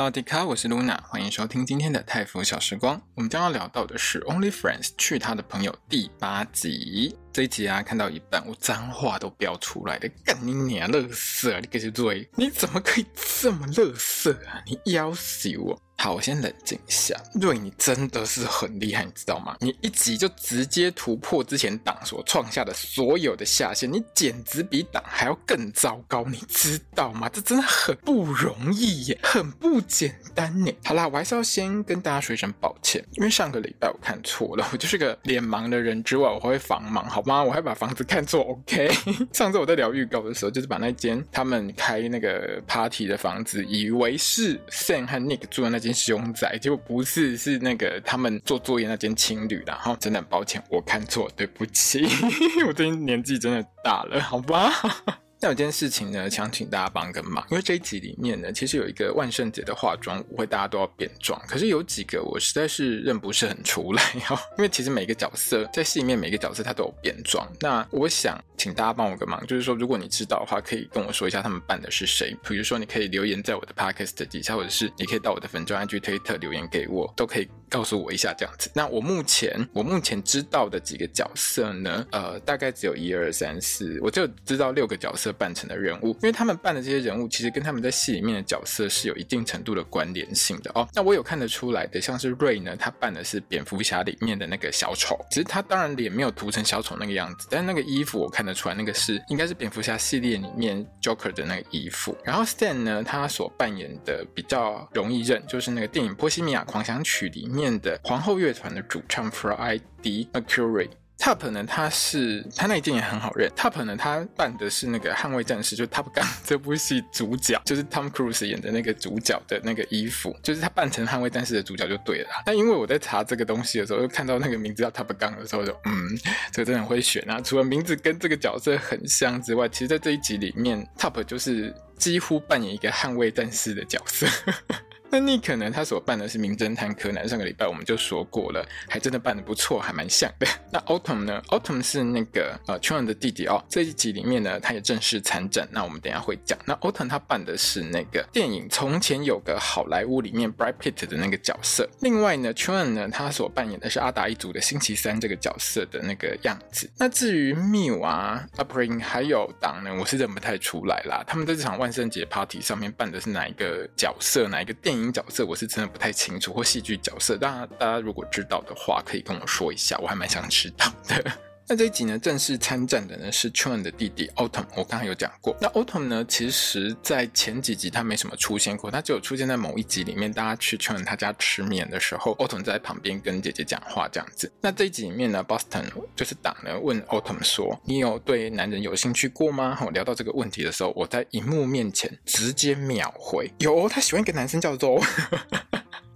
薩瓦迪卡，我是露娜，歡迎收聽今天的泰腐小時光。我們將要聊到的是《Only Friends》去他的朋友第八集。這一集啊，看到一半，我髒話都飆出來了。幹你娘，樂色啊！你個瑞？你怎麼可以這麼樂色啊？你要死我！好，我先冷靜一下。瑞，你真的是很厲害，你知道嗎？你一集就直接突破之前黨所創下的所有的下限，你簡直比黨還要更糟糕，你知道嗎？這真的很不容易耶，很不簡單耶。好啦，我還是要先跟大家說一聲抱歉，因為上個禮拜我看錯了，我就是個臉盲的人之外，我還會防盲哈。好我還把房子看錯。OK， 上次我在聊預告的時候，就是把那間他們開那個 party 的房子，以為是 Sam 和 Nick 住的那間凶宅，結果不是，是那個他們做作業那間情侶。然後真的很抱歉，我看錯，對不起， 我最近年紀真的大了，好吧。 那有件事情呢，想請大家幫個忙，因為這一集裡面呢，其實有一個萬聖節的化妝舞會，大家都要變裝。可是有幾個我實在是認不是很出來哦。因為其實每個角色在戲裡面，每個角色他都有變裝。那我想請大家幫我個忙，就是說，如果你知道的話，可以跟我說一下他們扮的是誰。比如說，你可以留言在我的 podcast 底下，或者是你可以到我的粉專、IG、推特留言給我，都可以告訴我一下這樣子。那我目前我目前知道的幾個角色呢，呃，大概只有一二三四，我就知道六個角色。扮成的人物，因為他們扮的這些人物，其實跟他們在戲裡面的角色是有一定程度的關聯性的哦。那我有看得出來的，像是 Ray 呢，他扮的是蝙蝠俠裡面的那個小丑，其實他當然臉沒有塗成小丑那個樣子，但那個衣服我看得出來，那個是應該是蝙蝠俠系列裡面 Joker 的那個衣服。然後 Stan 呢，他所扮演的比較容易認，就是那個電影《波西米亞狂想曲》裡面的皇後樂團的主唱弗萊迪·墨丘利。Top 呢，他是他那一件也很好認。Top 呢，他扮的是那個捍衛戰士，就是 Top Gun 這部戲主角，就是 Tom Cruise 演的那個主角的那個衣服，就是他扮成捍衛戰士的主角就對了啦。但因為我在查這個東西的時候，又看到那個名字叫 Top Gun 的時候就、嗯，就嗯，這個真的很會選啊。除了名字跟這個角色很像之外，其實，在這一集裡面，Top 就是幾乎扮演一個捍衛戰士的角色。 那 Nick 呢？他所扮的是《名偵探柯南》，上個禮拜我們就說過了，還真的扮得不錯，還蠻像的。那 Autumn 呢？Autumn 是那個呃 Chun 的弟弟哦。這一集裡面呢，他也正式參演。那我們等一下會講。那 Autumn 他扮的是那個電影《從前有個好萊塢》裡面 Brad Pitt 的那個角色。另外呢，Chun 呢，他所扮演的是阿達一族的星期三這個角色的那個樣子。那至於 Mew 啊、April、啊、還有黨呢，我是認不太出來啦。他們在這場萬聖節 Party 上面扮的是哪一個角色、哪一個電影？角色我是真的不太清楚，或戲劇角色，但大家如果知道的話，可以跟我說一下，我還蠻想知道的。 那這一集呢，正式參戰的呢是 Chun 的弟弟 Autumn。我剛才有講過，那 Autumn 呢，其實，在前幾集他沒什麼出現過，他只有出現在某一集裡面。大家去 Chun 他家吃麵的時候，Autumn 在旁邊跟姐姐講話這樣子。那這一集裡面呢，Boston 就是打呢問 Autumn 說：“你有對男人有興趣過嗎？”我聊到這個問題的時候，我在熒幕面前直接秒回：“有，他喜歡一個男生叫 Zo。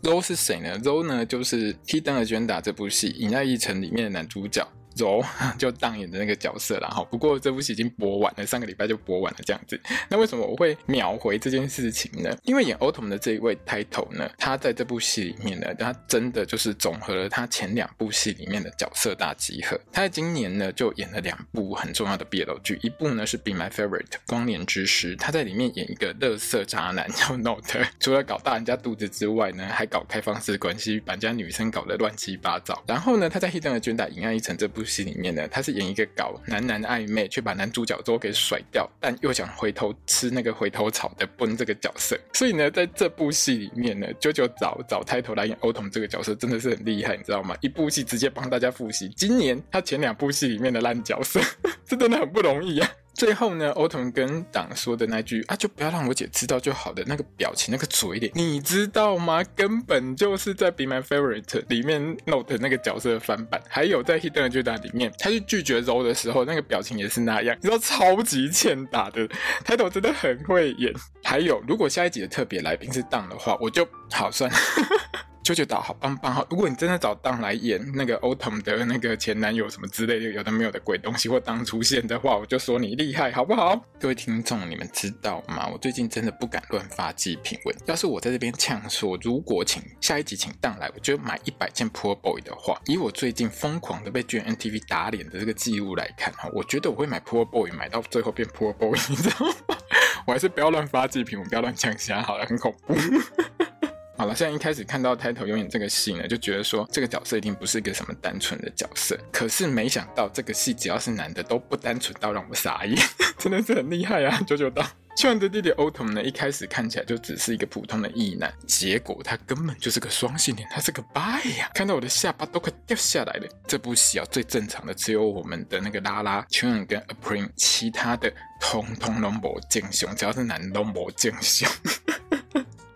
”Zo 是誰呢？Zo 呢，就是《Hidden Agenda》這部戲《隱愛議程》裡面的男主角。柔、哦、就扮演的那個角色啦。哈，不過這部戲已經播完了，上個禮拜就播完了這樣子。那為什麼我會秒回這件事情呢？因為演 Atom 的這一位 title 呢，他在這部戲裡面呢，他真的就是總和了他前兩部戲裡面的角色大集合。他在今年呢就演了兩部很重要的 BL 劇，一部呢是《Be My Favorite 光年之時》，他在裡面演一個垃圾渣男叫 Not，除了搞大人家肚子之外呢，還搞開放式關係，把人家女生搞得亂七八糟。然後呢，他在《Hidden 的卷打影暗一層》這部。戲裡面呢，他是演一個搞男男曖昧卻把男主角都給甩掉，但又想回頭吃那個回頭草的崩這個角色，所以呢，在這部戲裡面呢，久久早早抬頭來演歐童這個角色真的是很厲害，你知道嗎？一部戲直接幫大家複習今年他前兩部戲裡面的爛角色，這真的很不容易呀、啊。最後呢，歐童跟黨說的那句“啊，就不要讓我姐知道就好的”，那個表情，那個嘴臉，你知道嗎？根本就是在《Be My Favorite》裡面 Note 的那個角色的翻版。還有在《Hidden Judas》裡面，他去拒絕柔的時候，那個表情也是那樣，你知道超級欠打的。台頭真的很會演。還有，如果下一集的特別來賓是黨的話，我就，好，算了。 就覺得好棒棒哈！如果你真的找當來演那個歐騰的那個前男友什麼之類的有的沒有的鬼東西或當出現的話，我就說你厲害好不好？各位聽眾，你們知道嗎？我最近真的不敢亂發祭品文。要是我在這邊嗆說，如果請下一集請當來，我就買一百件 Poor Boy 的話，以我最近瘋狂的被 GMMTV 打臉的這個記錄來看哈，我覺得我會買 Poor Boy，買到最後變 Poor Boy，你知道嗎？我還是不要亂發祭品文，不要亂嗆聲好了，很恐怖。 好了，現在一開始看到 Title 有演這個戲呢，就覺得說這個角色一定不是一個什麼單純的角色。可是沒想到，這個戲只要是男的都不單純到讓我傻眼， 真的是很厲害啊！九九到 Chun 的弟弟 Atom 呢，一開始看起來就只是一個普通的異男，結果他根本就是個雙性戀，他是個 Bi 呀！看到我的下巴都快掉下來了。這部戲啊，最正常的只有我們的那個拉拉 Chun 跟 April，其他的通通攏無正常，只要是男攏無正常。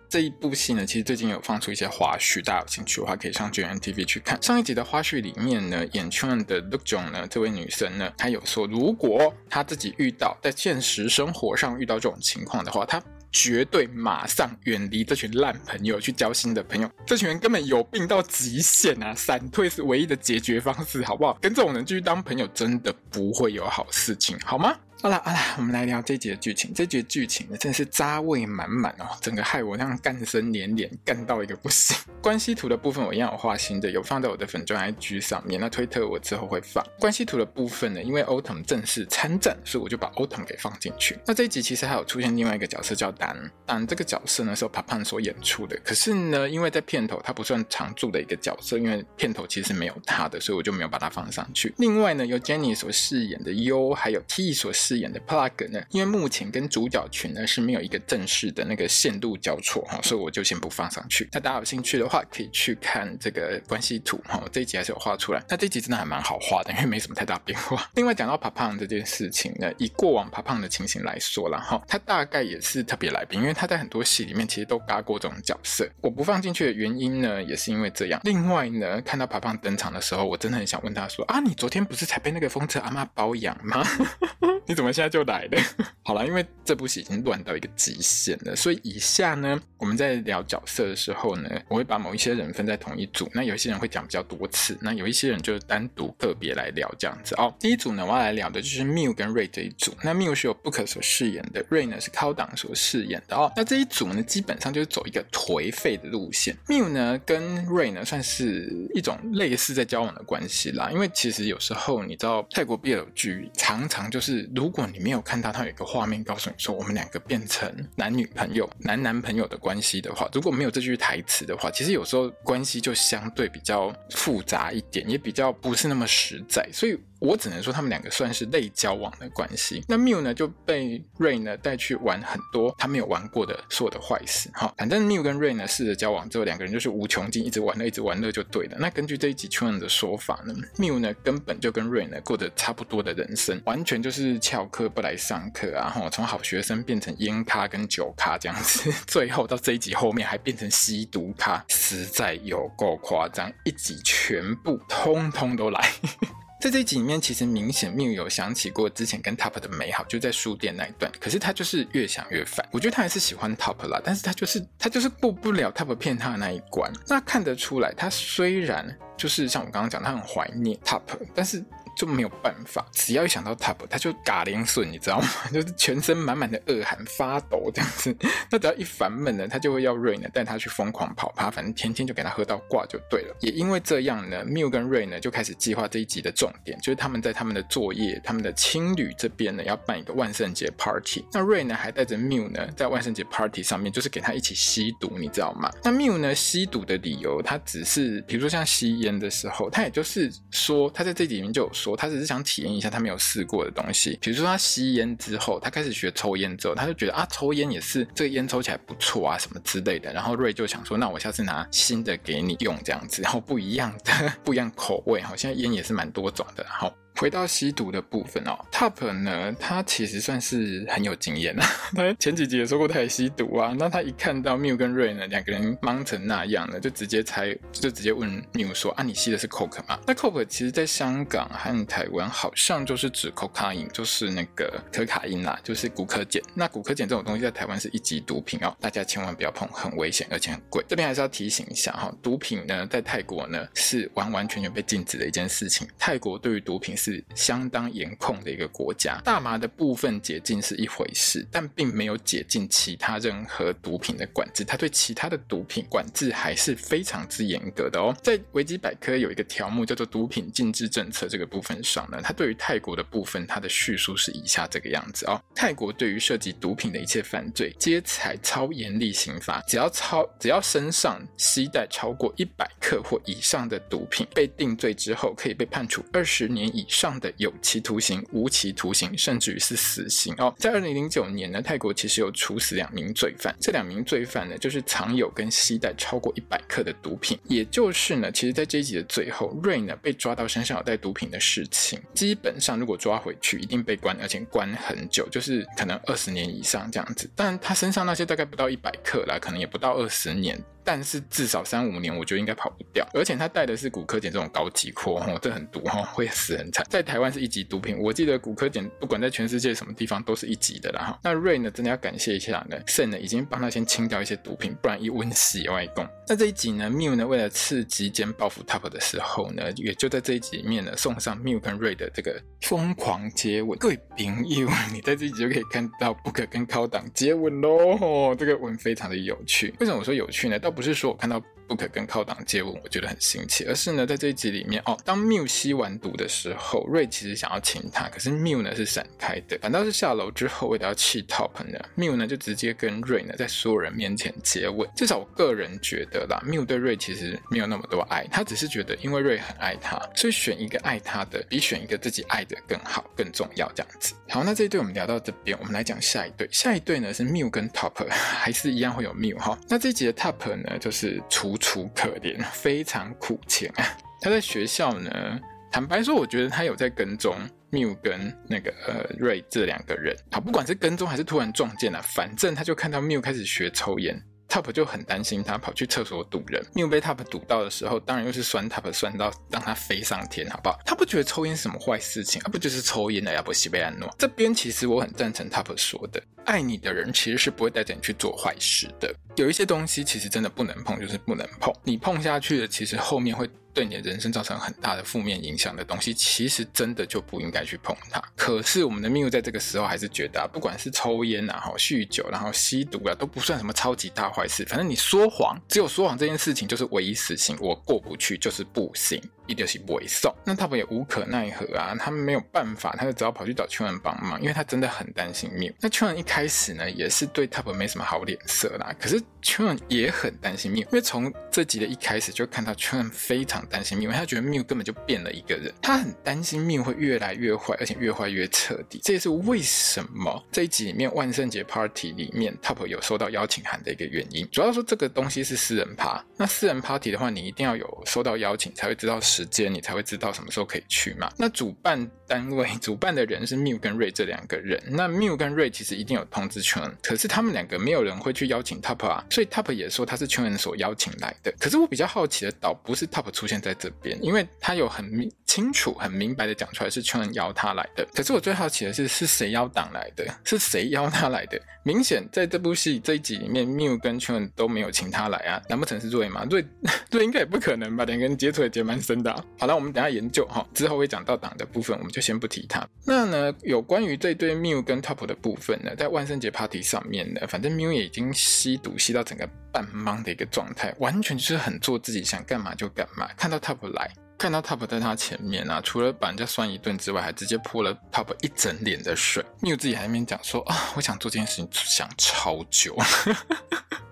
這一部戲呢，其實最近有放出一些花絮，大家有興趣的話，可以上 GMMTV 去看。上一集的花絮裡面呢，演圈的 Lucy 呢，這位女生呢，她有說，如果她自己遇到在現實生活上遇到這種情況的話，她絕對馬上遠離這群爛朋友，去交新的朋友。這群人根本有病到極限啊！閃退是唯一的解決方式，好不好？跟這種人繼續當朋友，真的不會有好事情，好嗎？好了好了，我們來聊這一集的劇情。這一集劇情真的是渣味滿滿哦，整個害我這樣幹生連連，幹到一個不行。 關係圖的部分，我一樣有畫新的，有放在我的粉專 IG 上面。那推特我之後會放。關係圖的部分呢，因為 Autumn 正式參戰，所以我就把 Autumn 給放進去。那這一集其實還有出現另外一個角色，叫丹。丹這個角色呢是 Papan 所演出的，可是呢，因為在片頭他不算常駐的一個角色，因為片頭其實沒有他的，所以我就沒有把它放上去。另外呢，由 Jenny 所飾演的 Yo，、oh, 還有 T 所飾。飾演的 Plug 呢，因為目前跟主角群呢是沒有一個正式的那個線路交錯哈、哦，所以我就先不放上去。那大家有興趣的話，可以去看這個關係圖哈、哦。這一集還是有畫出來。那這一集真的還蠻好畫的，因為沒什麼太大變化。另外講到爬胖這件事情呢，以過往爬胖的情形來說啦哈、哦，他大概也是特別來賓，因為他在很多戲裡面其實都搭過這種角色。我不放進去的原因呢，也是因為這樣。另外呢，看到爬胖登場的時候，我真的很想問他說啊，你昨天不是才被那個風車阿嬤包養嗎？ 怎麼現在就來的？ 好了，因為這部戲已經亂到一個極限了，所以以下呢，我們在聊角色的時候呢，我會把某一些人分在同一組。那有些人會講比較多次，那有一些人就是單獨特別來聊這樣子哦。第一組呢，我要來聊的就是 Mew 跟 Ray 這一組。那 Mew 是由 Book 所飾演的，Ray 呢是 Khaotung 所飾演的哦。那這一組呢，基本上就是走一個頹廢的路線。Mew 呢跟 Ray 呢，算是一種類似在交往的關係啦。因為其實有時候你知道，泰國 BL 劇常常就是如如果你沒有看到他有一個畫面告訴你說我們兩個變成男女朋友、男男朋友的關係的話，如果沒有這句台詞的話，其實有時候關係就相對比較複雜一點，也比較不是那麼實在，所以。我只能說他們兩個算是類交往的關係。那繆呢就被 Ray 呢帶去玩很多他沒有玩過的所有的壞事。反正繆跟 Ray 呢試着交往之後，兩個人就是無窮盡一直玩樂，一直玩樂就對了。那根據這一集圈員的說法呢，繆呢根本就跟 Ray 呢過着差不多的人生，完全就是翹課不來上課啊！哈、哦，從好學生變成煙咖跟酒咖這樣子，最後到這一集後面還變成吸毒咖，實在有夠誇張！一集全部通通都來。呵呵在這一集裡面，其實明顯 Mew 有想起過之前跟 Top 的美好，就在書店那一段。可是他就是越想越煩，我覺得他還是喜歡 Top 啦，但是他就是他就是過不了 Top 騙他的那一關。那看得出來，他雖然就是像我剛剛講，他很懷念 Top，但是。就沒有辦法，只要一想到 Top，他就嘎涼順，你知道嗎？就是全身滿滿的惡寒發抖這樣子。那只要一煩悶呢，他就會要 Ray 呢帶他去瘋狂跑趴，反正天天就給他喝到掛就對了。也因為這樣呢 Mew 跟 Ray 呢就開始計劃這一集的重點，就是他們在他們的作業、他們的青旅這邊呢要辦一個萬聖節 Party 那。那 Ray 呢還帶着 Mew 呢在萬聖節 Party 上面，就是給他一起吸毒，你知道嗎？那 Mew 呢吸毒的理由，他只是比如說像吸菸的時候，他也就是說他在這集裡面就有說。他只是想體驗一下他沒有試過的東西，比如說他吸煙之後，他開始學抽煙之後，他就覺得啊，抽煙也是這個煙抽起來不錯啊，什麼之類的。然後瑞就想說，那我下次拿新的給你用這樣子，然後不一樣的，不一樣口味，好像煙也是蠻多種的，好。回到吸毒的部分哦，Top 呢，他其實算是很有經驗啦、啊。他前幾集也說過他也吸毒啊。那他一看到 Mew 跟 Ray 呢兩個人忙成那樣了，就直接猜，就直接問 Mew 說：“啊，你吸的是 Coke 嗎？”那 Coke 其實在香港和台灣好像就是指 cocaine 就是那個可卡因啦、啊，就是古柯鹼。那古柯鹼這種東西在台灣是一級毒品哦，大家千萬不要碰，很危險而且很貴。這邊還是要提醒一下哈、哦，毒品呢在泰國呢是完完全全被禁止的一件事情。泰國對於毒品是是相當嚴控的一個國家，大麻的部分解禁是一回事，但並沒有解禁其他任何毒品的管制，它對其他的毒品管制還是非常之嚴格的哦。在維基百科有一個條目叫做“毒品禁制政策”這個部分上呢，它對於泰國的部分，它的敘述是以下這個樣子哦：泰國對於涉及毒品的一切犯罪，皆採超嚴厲刑罰，只要超只要身上攜帶超過一百克或以上的毒品，被定罪之後，可以被判處二十年以上。上的有期徒刑、無期徒刑，甚至於是死刑哦。在二零零九年呢，泰國其實有處死兩名罪犯，這兩名罪犯呢就是藏有跟攜帶超過一百克的毒品。也就是呢，其實，在這一集的最後，瑞呢被抓到身上有帶毒品的事情，基本上如果抓回去，一定被關，而且關很久，就是可能二十年以上這樣子。但他身上那些大概不到一百克啦，可能也不到二十年。但是至少三五年，我覺得應該跑不掉。而且他帶的是古柯鹼這種高級貨，哈，這很毒哦，會死很慘。在台灣是一級毒品，我記得古柯鹼不管在全世界什麼地方都是一級的啦。哈，那瑞呢，真的要感謝一下呢，腎呢已經幫他先清掉一些毒品，不然一溫死外公。那這一集呢 Mew 呢為了刺激兼報復 Top 的時候呢，也就在這一集裡面呢送上 Mew 跟瑞的這個瘋狂接吻。各位朋友，你在這一集就可以看到 Book 跟 Khaotung 接吻嘍，這個吻非常的有趣。為什麼我說有趣呢？不是說我看到。不可跟靠黨接吻，我覺得很新奇。而是呢，在這一集裡面哦，當繆吸完毒的時候，瑞其實想要親他，可是繆呢是閃開的，反倒是下樓之後，為了要氣 Top 呢，繆呢就直接跟瑞呢在所有人面前接吻。至少我個人覺得啦，繆對瑞其實沒有那麼多愛，他只是覺得因為瑞很愛他，所以選一個愛他的比選一個自己愛的更好、更重要這樣子。好，那這一對我們聊到這邊，我們來講下一對。下一對呢是繆跟 Top，還是一樣會有繆哈、哦？那這一集的 Top 呢就是廚。楚可憐，非常苦情啊！他在學校呢，坦白說，我覺得他有在跟蹤繆跟那個呃瑞這兩個人。好，不管是跟蹤還是突然撞見了啊，反正他就看到繆開始學抽煙。Top 就很擔心，他跑去廁所堵人。因為被 Top 堵到的時候，當然又是酸 Top 酸到讓他飛上天，好不好？他不覺得抽煙是什麼壞事情，啊不就是抽煙了，阿不西被安諾。這邊其實我很贊成 Top 說的，愛你的人其實是不會帶着你去做壞事的。有一些東西其實真的不能碰，就是不能碰。你碰下去的，其實後面會。對你的人生造成很大的負面影響的東西，其實真的就不應該去碰它。可是我們的命運在這個時候還是覺得啊，不管是抽煙啊，然後酗酒，然後吸毒啊，都不算什麼超級大壞事。反正你說謊，只有說謊這件事情就是唯一死刑，我過不去就是不行。一定是偽送那 Top 也無可奈何啊，他們沒有辦法，他就只好跑去找 Cheum 幫忙，因為他真的很擔心 Mew。那 Cheum 一開始呢，也是對 Top 沒什麼好臉色啦。可是 Cheum 也很擔心 Mew，因為從這集的一開始就看到 Cheum 非常擔心 Mew, 因為他覺得 Mew 根本就變了一個人，他很擔心 Mew 會越來越壞，而且越壞越徹底。這也是為什麼這一集裡面萬聖節 party 裡面 Top 有收到邀請函的一個原因。主要說這個東西是私人趴，那私人 party 的話，你一定要有收到邀請才會知道是，時間你才會知道什麼時候可以去嘛？那主辦單位主辦的人是 Mew 跟 Ray 這兩個人。那 Mew 跟 Ray 其實一定有通知圈，可是他們兩個沒有人會去邀請 Top 啊，所以 Top 也說他是圈人所邀請來的。可是我比較好奇的倒不是 Top 出現在這邊，因為他有很清楚、很明白的講出來是圈人邀他來的。可是我最好奇的是，是誰邀黨來的？是誰邀他來的？明顯在這部戲這一集裡面 Mew 跟圈人都沒有請他來啊。難不成是瑞嗎？瑞瑞應該也不可能吧？兩個人接觸也接蠻深的。好了，我們等一下研究哈，之後會講到黨的部分，我們就先不提它。那呢，有關於這對繆跟 Top 的部分呢，在萬聖節 party 上面呢，反正繆也已經吸毒吸到整個半懵的一個狀態，完全就是很做自己，想幹嘛就幹嘛。看到 Top 來看到 Top 在他前面啊，除了把人家酸一頓之外，還直接潑了 Top 一整臉的水。Mew 自己還在那邊講說啊、哦，我想做這件事情想超久。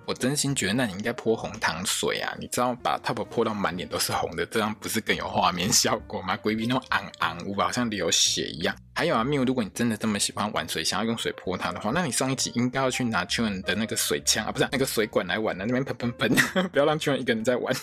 我真心覺得，那你應該潑紅糖水啊，你知道把 Top 潑到滿臉都是紅的，這樣不是更有畫面效果嗎？閨蜜那種昂昂無法好像流血一樣。還有啊，Mew，如果你真的這麼喜歡玩水，想要用水潑他的話，那你上一集應該要去拿 Cheum 的那個水槍啊，不是、啊、那個水管來玩的、啊，那邊噴噴噴，噴， 不要讓 Cheum 一個人在玩。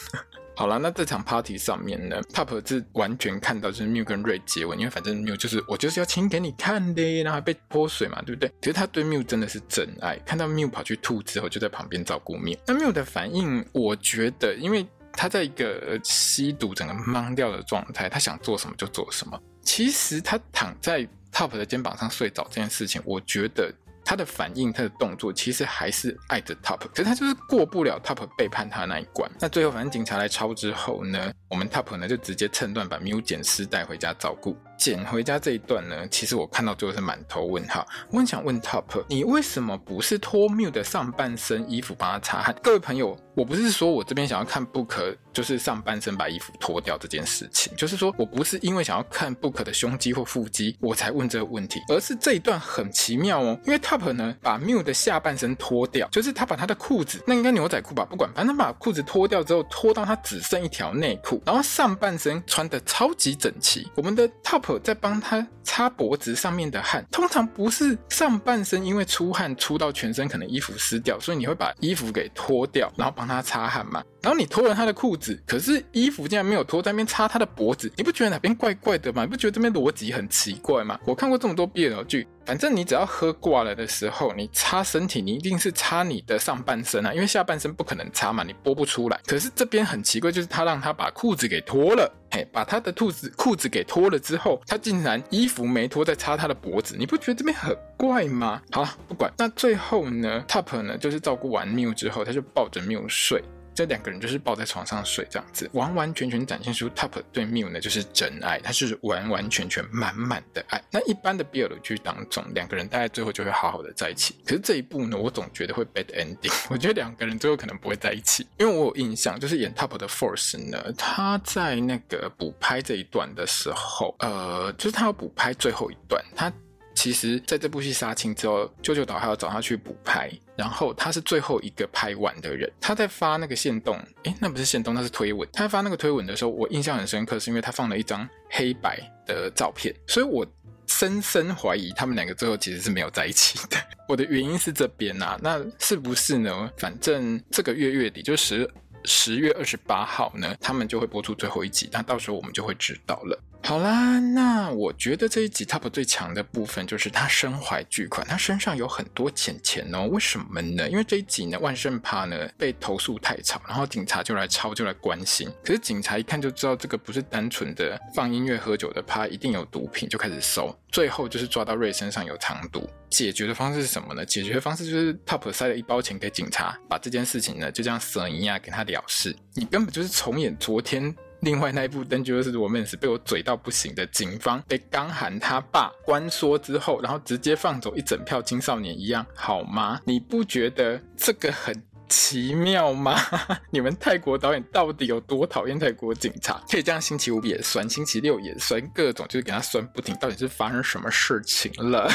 好了，那這場 party 上面呢，Top 是完全看到就是繆跟瑞接吻，因為反正繆就是我就是要親給你看的，然後還被潑水嘛，對不對？其實他對繆真的是真愛，看到繆跑去吐之後，就在旁邊照顧繆。那繆的反應，我覺得，因為他在一個吸毒、整個懵掉的狀態，他想做什麼就做什麼。其實他躺在 Top 的肩膀上睡着這件事情，我覺得。他的反應，他的動作，其實還是愛着 Top，可是他就是過不了 Top 背叛他那一關。那最後，反正警察來抄之後呢，我們 Top 呢就直接趁亂把 Miu 撿屍帶回家照顧，撿回家這一段呢，其實我看到最後是滿頭問號，我很想問 Top，你為什麼不是脫 Miu 的上半身衣服幫他擦汗？各位朋友。我不是說我這邊想要看 Book 就是上半身把衣服脫掉這件事情，就是說我不是因為想要看 Book 的胸肌或腹肌我才問這個問題，而是這一段很奇妙哦，因為 Top 呢，把 Mew 的下半身脫掉，就是他把他的褲子，那應該牛仔褲吧，不管反正把褲子脫掉之後，脫到他只剩一條內褲，然後上半身穿得超級整齊，我們的 Top 在幫他擦脖子上面的汗，通常不是上半身因為出汗出到全身可能衣服濕掉，所以你會把衣服給脫掉，然後把。幫他擦汗嘛。然後你脫了他的褲子，可是衣服竟然沒有脫，在那邊擦他的脖子，你不覺得哪邊怪怪的嗎？你不覺得這邊邏輯很奇怪嗎？我看過這麼多 BL 劇，反正你只要喝掛了的時候，你擦身體，你一定是擦你的上半身啊，因為下半身不可能擦嘛，你撥不出來。可是這邊很奇怪，就是他讓他把褲子給脫了，把他的褲子褲子給脫了之後，他竟然衣服沒脫，在擦他的脖子，你不覺得這邊很怪嗎？好了，不管，那最後呢，Top 呢，就是照顧完 Mew 之後，他就抱着 Mew 睡。這兩個人就是抱在床上睡這樣子，完完全全展現出 Top 對 Mew 呢就是真愛，他是完完全全滿滿的愛。那一般的 BL 劇當中，兩個人大概最後就會好好的在一起。可是這一部呢，我總覺得會 Bad Ending。我覺得兩個人最後可能不會在一起，因為我有印象，就是演 Top 的 Force 呢，他在那個補拍這一段的時候，呃，就是他要補拍最後一段，他。其實，在這部戲殺青之後，Jojo 導還要找他去補拍，然後他是最後一個拍完的人。他在發那個限動，哎、欸，那不是限動，那是推文。他在發那個推文的時候，我印象很深刻，是因為他放了一張黑白的照片。所以我深深懷疑他們兩個最後其實是沒有在一起的。 我的原因是這邊吶、啊，那是不是呢？反正這個月月底，就十十月二十八號呢，他們就會播出最後一集，那到時候我們就會知道了。好啦，那我覺得這一集 Top 最強的部分就是他身懷鉅款，他身上有很多錢錢哦。為什麼呢？因為這一集呢，萬聖趴呢被投訴太吵，然後警察就來抄，就來關心。可是警察一看就知道這個不是單純的放音樂喝酒的趴，一定有毒品，就開始搜。最後就是抓到瑞身上有藏毒。解決的方式是什麼呢？解決的方式就是 Top 塞了一包錢給警察，把這件事情呢，就這樣死人一樣給他了事。你根本就是重演昨天。另外那一部《燈》就是我們也是被我嘴到不行的警方，被剛喊他爸關說之後，然後直接放走一整票青少年一樣，好嗎？你不覺得這個很奇妙嗎？ 你們泰國導演到底有多討厭泰國警察？可以這樣，星期五也酸，星期六也酸，各種就是給他酸不停。到底是發生什麼事情了？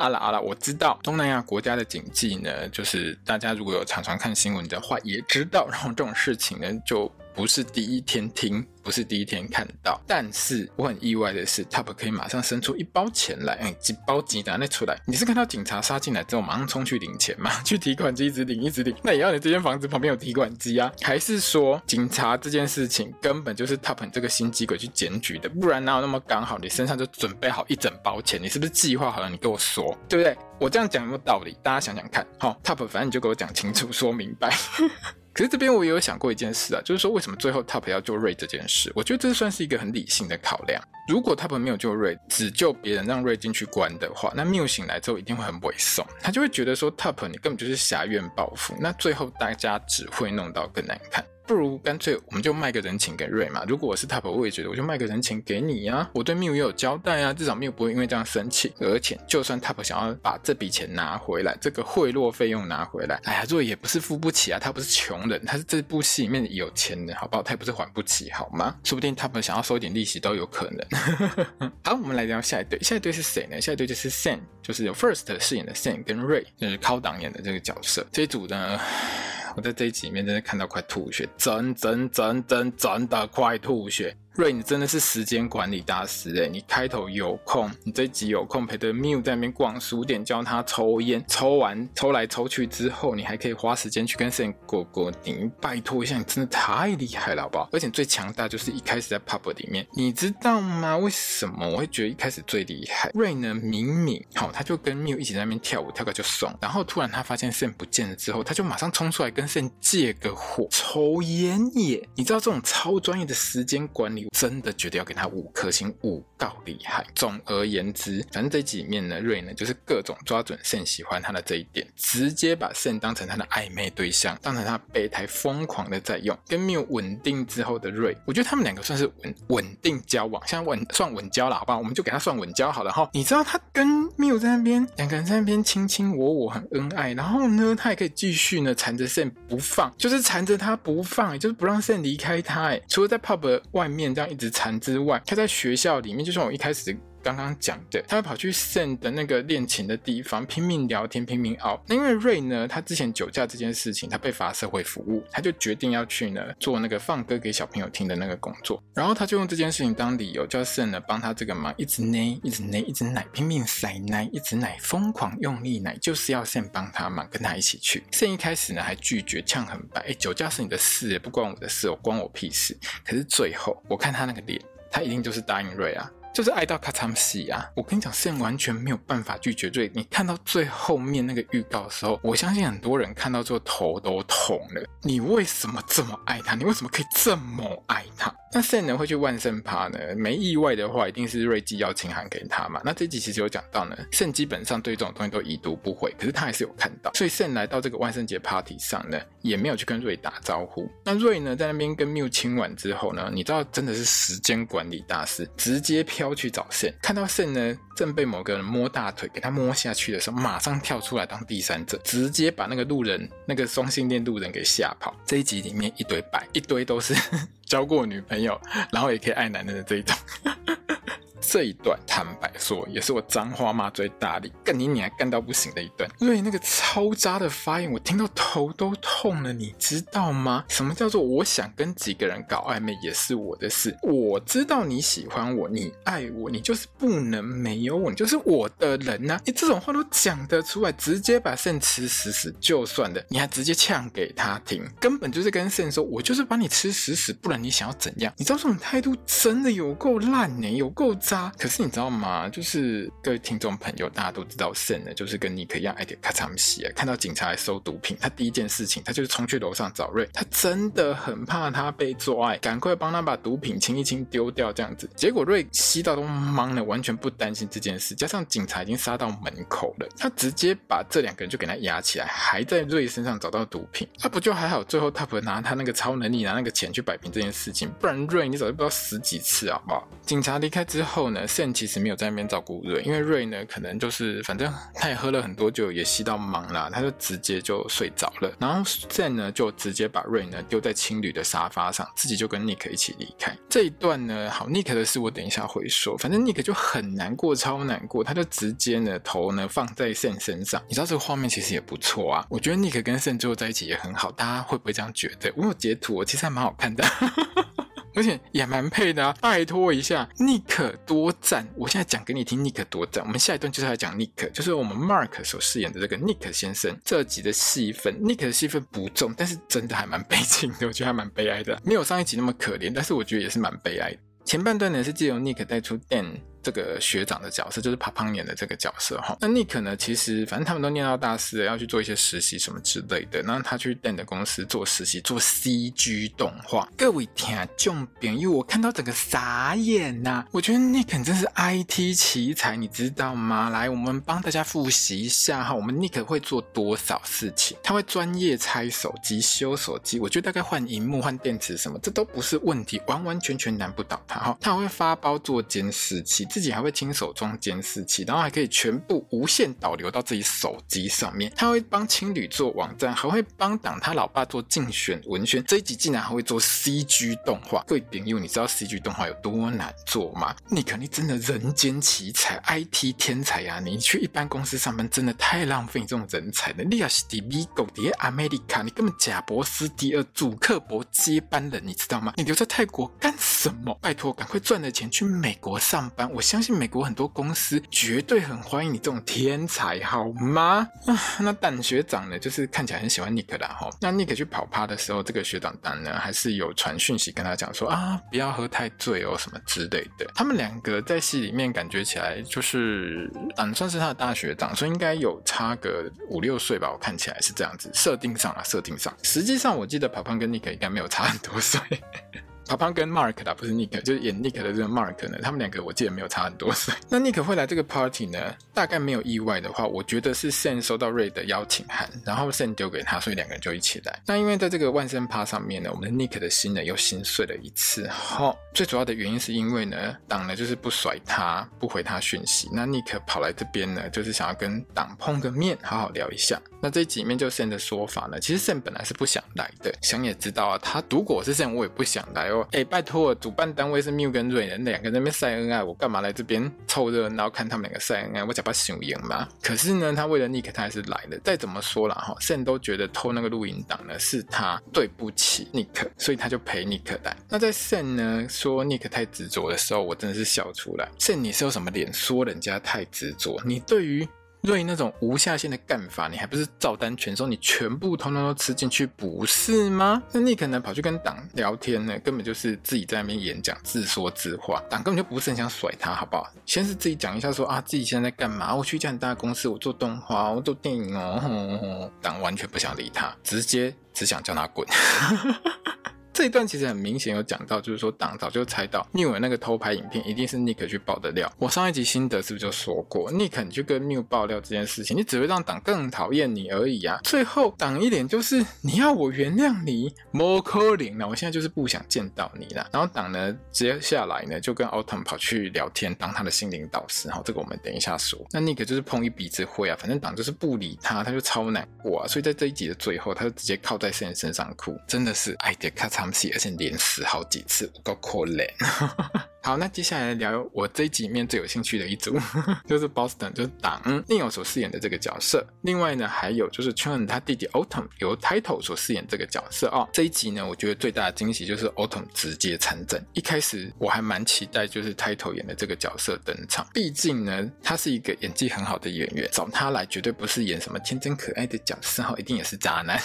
好了好了，我知道東南亞國家的警紀呢，就是大家如果有常常看新聞的話也知道，然後這種事情呢就。不是第一天聽，不是第一天看到，但是我很意外的是，Top 可以馬上伸出一包錢來，哎、欸，幾包幾拿得出來？你是看到警察殺進來之後，馬上衝去領錢嗎？去提款機一直領一直領？那也要你這間房子旁邊有提款機啊？還是說警察這件事情根本就是 Top 你這個心機鬼去檢舉的？不然哪有那麼剛好你身上就準備好一整包錢？你是不是計劃好了？你跟我說，對不對？我這樣講有沒有道理，大家想想看。好，Top，反正你就給我講清楚，說明白。 其實這邊我也有想過一件事啊，就是說為什麼最後 Top 要救 Ray 這件事？我覺得這算是一個很理性的考量。如果 Top 沒有救 Ray，只救別人讓 Ray 進去關的話，那 Mew 醒來之後一定會很不爽，他就會覺得說 Top 你根本就是挾怨報復。那最後大家只會弄到更難看。不如乾脆我們就賣個人情給瑞嘛。如果我是塔博，我也置得我就賣個人情給你呀，啊。我對密友也有交代啊，至少密 u 不會因為這樣生氣。而且就算 t 塔博想要把這筆錢拿回來，這個賄賂費用拿回來，哎呀，瑞也不是付不起啊。他不是窮人，他是這部戲裡面有錢的，好不好？他也不是還不起，好嗎？說不定塔博想要收點利息都有可能。 好，我們來聊下一對，下一對是誰呢？下一對就是 s a n 就是由 First 飾演的 s a n 跟瑞，就是靠檔演的這個角色。這一組呢。我在這一集裡面真的看到快吐血，真真真真真的快吐血。瑞，Ray, 你真的是時間管理大師誒，你開頭有空，你這集有空陪着 Miu 在那邊逛書店，教他抽煙，抽完抽來抽去之後，你還可以花時間去跟 Sean 過過頂。拜托一下，你真的太厲害了，好不好？而且最強大就是一開始在 Pub 裡面，你知道嗎？為什麼我會覺得一開始最厲害？瑞呢，明明好、哦，他就跟 Miu 一起在那邊跳舞，跳個就慫。然後突然他發現 Sean 不見了之後，他就馬上衝出來跟 Sean 借個火抽煙耶！你知道這種超專業的時間管理？真的覺得要給他五顆星，五告厲害。總而言之，反正這幾面呢，瑞呢就是各種抓準慎喜歡他的這一點，直接把慎當成他的曖昧對象，當成他備胎，瘋狂的在用。跟繆穩定之後的瑞，我覺得他們兩個算是穩穩定交往，現在穩算穩交了，好吧？我們就給他算穩交好了。哈，你知道他跟繆在那邊兩個人在那邊卿卿我我很恩愛，然後呢，他也可以繼續呢纏着慎不放，就是纏着他不放，就是不讓慎離開他。哎，除了在 pub 外面。這樣一直纏之外，他在學校裡面，就像我一開始。剛剛講的，他跑去 Sand 的那個練琴的地方，拼命聊天，拼命熬。那因為瑞呢，他之前酒駕這件事情，他被罰社會服務，他就決定要去呢做那個放歌給小朋友聽的那個工作。然後他就用這件事情當理由，叫 Sand 呢幫他這個忙，一直奶，一直奶，一直奶，拼命塞奶，一直奶，瘋狂用力奶，就是要 Sand 幫他忙，跟他一起去。Sand 一開始呢還拒絕，嗆很白，欸，酒駕是你的事，不關我的事，關我事關我屁事。可是最後，我看他那個臉，他一定就是答應瑞啊。就是愛到卡慘死啊！我跟你講，現在完全沒有辦法拒絕。對，你看到最後面那個預告的時候，我相信很多人看到之後頭都痛了。你為什麼這麼愛他？你為什麼可以這麼愛他？那聖呢，會去萬聖趴呢？沒意外的話，一定是瑞寄邀請函給他嘛。那這集其實有講到呢，聖基本上對這種東西都已讀不回，可是他還是有看到。所以聖來到這個萬聖節 party 上呢，也沒有去跟瑞打招呼。那瑞呢，在那邊跟 Miu 親完之後呢，你知道真的是時間管理大師，直接飄去找聖，看到聖呢正被某個人摸大腿，給他摸下去的時候，馬上跳出來當第三者，直接把那個路人、那個雙性戀路人給嚇跑。這一集裡面一堆白，一堆都是。 交過女朋友，然後也可以愛男人的這一種。這一段坦白說，也是我髒話罵最大力、幹你你還幹到不行的一段。所以那個超渣的發言，我聽到頭都痛了，你知道嗎？什麼叫做我想跟幾個人搞曖昧也是我的事？我知道你喜歡我，你愛我，你就是不能沒有我，你就是我的人吶、啊！你這種話都講得出來，直接把 Sand 吃死死就算了，你還直接嗆給他聽，根本就是跟 Sand 說，我就是把你吃死死，不然你想要怎樣？你知道這種態度真的有夠爛呢，有夠渣。可是你知道嗎？就是各位聽眾朋友，大家都知道 Sand 呢，就是跟尼克一樣愛、欸、得咔嚓西啊。看到警察來收毒品，他第一件事情，他就是衝去樓上找瑞。他真的很怕他被抓、欸，趕快幫他把毒品清一清，丟掉這樣子。結果瑞吸到都懵了，完全不擔心這件事。加上警察已經殺到門口了，他直接把這兩個人就給他壓起來，還在瑞身上找到毒品。他不就還好？最後他不會拿他那個超能力，拿那個錢去擺平這件事情，不然瑞你早就不知道死幾次啊，好不好？警察離開之後。呢，聖其實沒有在那邊照顧瑞，因為瑞呢，可能就是反正他也喝了很多酒，也吸到忙了，他就直接就睡着了。然後聖呢，就直接把瑞呢丟在青旅的沙發上，自己就跟妮可一起離開。這一段呢，好，妮可的事我等一下會說，反正妮可就很難過，超難過，他就直接呢頭呢放在聖身上。你知道這個畫面其實也不錯啊，我覺得妮可跟聖最後在一起也很好，大家會不會這樣覺得？我有截圖哦，我其實還蠻好看的。 而且也蠻配的啊，拜託一下 Nick 多讚！我現在講給你聽 Nick 多讚。我們下一段就是要講 Nick，就是我們 Mark 所飾演的這個 Nick 先生。這集的戲份 Nick 的戲份不重，但是真的還蠻悲情的，我覺得還蠻悲哀的，沒有上一集那麼可憐，但是我覺得也是蠻悲哀的。前半段呢是借由 Nick 帶出 Dan。這個學長的角色就是胖胖演的這個角色哈。那尼克呢？其實反正他們都念到大四了，要去做一些實習什麼之類的。然後他去 Dan 的公司做實習，做 CG 動畫。各位聽眾朋友，因為我看到整個傻眼吶、啊！我覺得尼克真是 IT 奇才，你知道嗎？來，我們幫大家複習一下哈。我們尼克會做多少事情？他會專業拆手機、修手機，我覺得大概換熒幕、換電池什麼，這都不是問題，完完全全難不倒他哈。他會發包做監視器。17, 自己還會親手裝監視器，然後還可以全部無線導流到自己手機上面。他會幫情侶做網站，還會幫黨他老爸做競選文宣。這一集竟然還會做 CG 動畫，貴點？因你知道 CG 動畫有多難做嗎？你肯定真的人間奇才，IT 天才呀、啊！你去一般公司上班真的太浪費這種人才了。你要是去美國的 a m 你根本賈伯斯第二，主克伯接班人，你知道嗎？你留在泰國幹什麼？拜託，趕快賺了錢去美國上班。我相信美國很多公司絕對很歡迎你這種天才，好嗎？啊、那丹學長呢？就是看起來很喜歡尼克啦齁。那尼克去跑趴的時候，這個學長丹呢，還是有傳訊息跟他講說啊，不要喝太醉哦，什麼之類的。他們兩個在戲裡面感覺起來就是嗯、啊，算是他的大學長，所以應該有差個五六歲吧。我看起來是這樣子設定上啊，設定上。實際上我記得跑趴跟尼克應該沒有差很多歲。 阿胖跟 Mark 啦、啊，不是 Nick，就是演 Nick 的這個 Mark 呢，他們兩個我記得沒有差很多歲。 那 Nick 會來這個 party 呢，大概沒有意外的話，我覺得是 Sand 收到 Ray 的邀請函，然後 Sand 丟給他，所以兩個人就一起來。那因為在這個萬聖趴上面呢，我們 Nick 的心呢又心碎了一次。吼、哦，最主要的原因是因為呢，黨呢就是不甩他，不回他訊息。那 Nick 跑來這邊呢，就是想要跟黨碰個面，好好聊一下。那這幾面就 Sand 的說法呢，其實 Sand 本來是不想來的，想也知道啊，他如果是 Sand 我也不想來哦。哎、欸，拜託，主辦單位是繆跟瑞仁兩個在那邊曬恩愛，我幹嘛來這邊湊熱鬧看他們兩個曬恩愛？我才怕輸贏嘛。可是呢，他為了尼克，他還是來的。再怎麼說啦哈，Sand 都覺得偷那個錄音檔呢，是他對不起尼克，所以他就陪尼克來。那在 Sand 呢說尼克太執着的時候，我真的是笑出來。Sand，你是有什麼臉說人家太執着？你對於？對，那種無下限的幹法，你還不是照單全收？你全部通通都吃進去，不是嗎？那你可能跑去跟黨聊天呢？根本就是自己在那邊演講，自說自話。黨根本就不是很想甩他，好不好？先是自己講一下說，說啊，自己現在在幹嘛？我去一家很大的公司，我做動畫，我做電影哦。黨、哦哦、完全不想理他，直接只想叫他滾。 這一段其實很明顯有講到，就是說黨早就猜到 Mew 那個偷拍影片一定是尼克去爆的料。我上一集心得是不是就說過？尼克你去跟 Mew 爆料這件事情，你只會讓黨更討厭你而已啊！最後黨一臉就是你要我原諒你，莫科林，那我現在就是不想見到你了。然後黨呢，接下來呢就跟 Autumn 跑去聊天，當他的心靈導師。哈，這個我們等一下說。那尼克就是碰一鼻子灰啊，反正黨就是不理他，他就超難過。啊，所以在這一集的最後，他就直接靠在聖人身上哭，真的是愛的咔嚓。而且連死好幾次，夠可憐。 好，那接下來聊我這一集裡面最有興趣的一組， 就是 Boston 就是黨 Neo 所飾演的這個角色。另外呢，還有就是 Chun 他弟弟 Autumn 由 Title 所飾演這個角色。哦，這一集呢，我覺得最大的驚喜就是 Autumn 直接參戰。一開始我還蠻期待，就是 Title 演的這個角色登場，畢竟呢，他是一個演技很好的演員，找他來絕對不是演什麼天真可愛的角色，哦，一定也是渣男。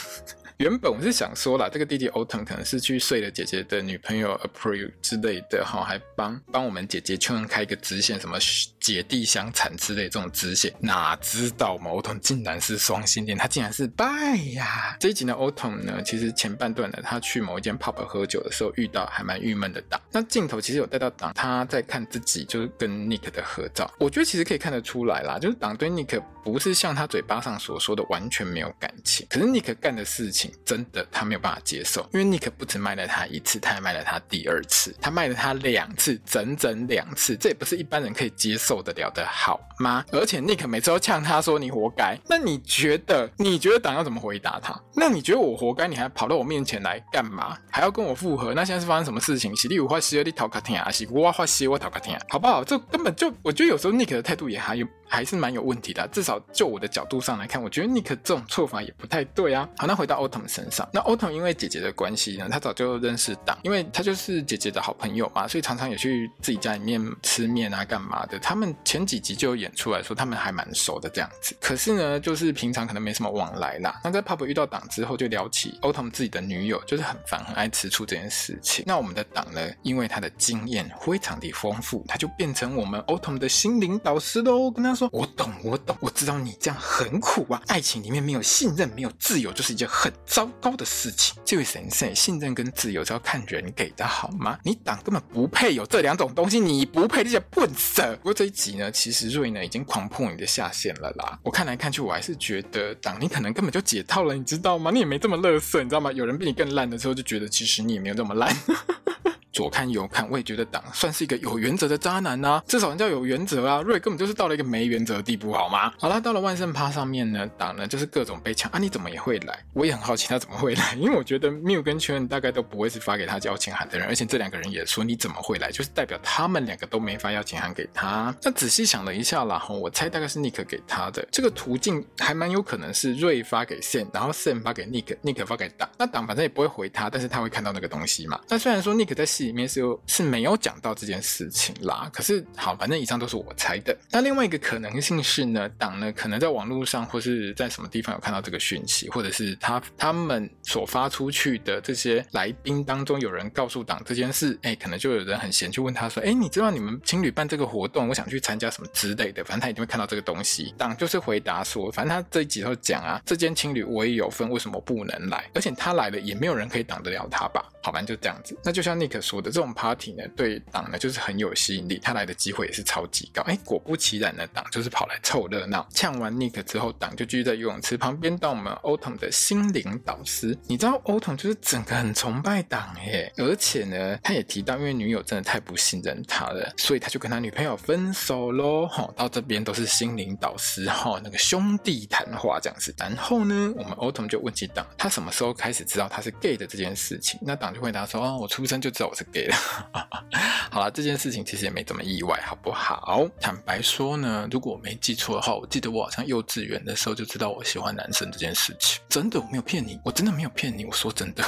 原本我是想說啦，這個弟弟 Atom 可能是去睡了姐姐的女朋友 April 之類的哈，還幫幫我們姐姐 Cheum 開一個支線，什麼姐弟相殘之類的這種支線。哪知道 Atom 竟然是雙性戀，他竟然是 bi 呀、啊！這一集的 Atom 呢，其實前半段呢，他去某一間 pub 喝酒的時候遇到還蠻鬱悶的黨。那鏡頭其實有帶到黨他在看自己就是跟 Nick 的合照，我覺得其實可以看得出來啦，就是黨對 Nick 不是像他嘴巴上所說的完全沒有感情，可是 Nick 幹的事情。真的，他沒有辦法接受，因為 Nick 不止賣了他一次，他還賣了他第二次，他賣了他兩次，整整兩次，這也不是一般人可以接受得了的，好嗎？而且 Nick 每次都嗆他說：“你活該。”那你覺得，你覺得黨要怎麼回答他？那你覺得我活該？你還跑到我面前來幹嘛？還要跟我復合？那現在是發生什麼事情？西麗有畫西二地討卡天啊，西我畫畫西我討卡天啊，好不好？這根本就，我覺得有時候 Nick 的態度也還有。還是蠻有問題的，至少就我的角度上來看，我覺得尼克這種做法也不太對啊。好，那回到 Autumn 身上，那 Autumn 因為姐姐的關係呢，他早就認識黨，因為他就是姐姐的好朋友嘛，所以常常也去自己家裡面吃麵啊、幹嘛的。他們前幾集就有演出來說，他們還蠻熟的這樣子。可是呢，就是平常可能沒什麼往來啦。那在 pub 遇到黨之後，就聊起 Autumn 自己的女友，就是很煩很愛吃醋這件事情。那我們的黨呢，因為他的經驗非常的豐富，他就變成我們 Autumn 的心靈導師嘍，跟他說。我懂，我懂，我知道你這樣很苦啊。愛情裡面沒有信任，沒有自由，就是一件很糟糕的事情。這位神仙，信任跟自由是要看人給的好嗎？你黨根本不配有這兩種東西，你不配這些笨子。不過這一集呢，其實瑞呢已經狂破你的下限了啦。我看來看去，我還是覺得黨，你可能根本就解套了，你知道嗎？你也沒這麼樂色，你知道嗎？有人比你更爛的時候，就覺得其實你也沒有這麼爛。 左看右看，我也覺得黨算是一個有原則的渣男吶、啊，至少人家有原則啊。瑞根本就是到了一個沒原則的地步，好嗎？好了，到了萬聖趴上面呢，黨呢就是各種被搶啊。你怎麼也會來？我也很好奇他怎麼會來，因為我覺得 Miu 跟 Cheum 大概都不會是發給他邀請函的人，而且這兩個人也說你怎麼會來，就是代表他們兩個都沒發邀請函給他。那仔細想了一下啦，齁，我猜大概是 Nick 給他的。這個途徑還蠻有可能是瑞發給 Sen，然後 Sen 發給 Nick，Nick Nick 發給黨。那黨反正也不會回他，但是他會看到那個東西嘛。那雖然說 Nick 在西。裡面是有是沒有講到這件事情啦？可是好，反正以上都是我猜的。那另外一個可能性是呢，黨呢可能在網絡上或是，在什麼地方有看到這個訊息，或者是他他們所發出去的這些來賓當中有人告訴黨這件事，哎、欸，可能就有人很閒去問他說，哎、欸，你知道你們青旅辦這個活動，我想去參加什麼之類的，反正他一定會看到這個東西。黨就是回答說，反正他這一集都講啊，這間青旅我也有份，為什麼不能來？而且他來了也沒有人可以擋得了他吧？好吧，就這樣子。那就像 Nick 說。我的這種 party 呢，對黨呢就是很有吸引力，他來的機會也是超級高。哎，果不其然呢，黨就是跑來湊熱鬧。嗆完 Nick 之後，黨就繼續在游泳池旁邊，當我們 Otom 的心靈導師。你知道 Otom 就是整個很崇拜黨耶，而且呢，他也提到，因為女友真的太不信任他了，所以他就跟他女朋友分手嘍。吼，到這邊都是心靈導師吼，哦，那個兄弟談話這樣子。然後呢，我們 Otom 就問起黨，他什麼時候開始知道他是 gay 的這件事情？那黨就回答說：哦，我出生就知道我是。給了， 好啦，這件事情其實也沒怎麼意外，好不好？坦白說呢，如果我沒記錯的話，我記得我好像幼稚園的時候就知道我喜歡男生這件事情。真的，我沒有騙你，我真的沒有騙你，我說真的，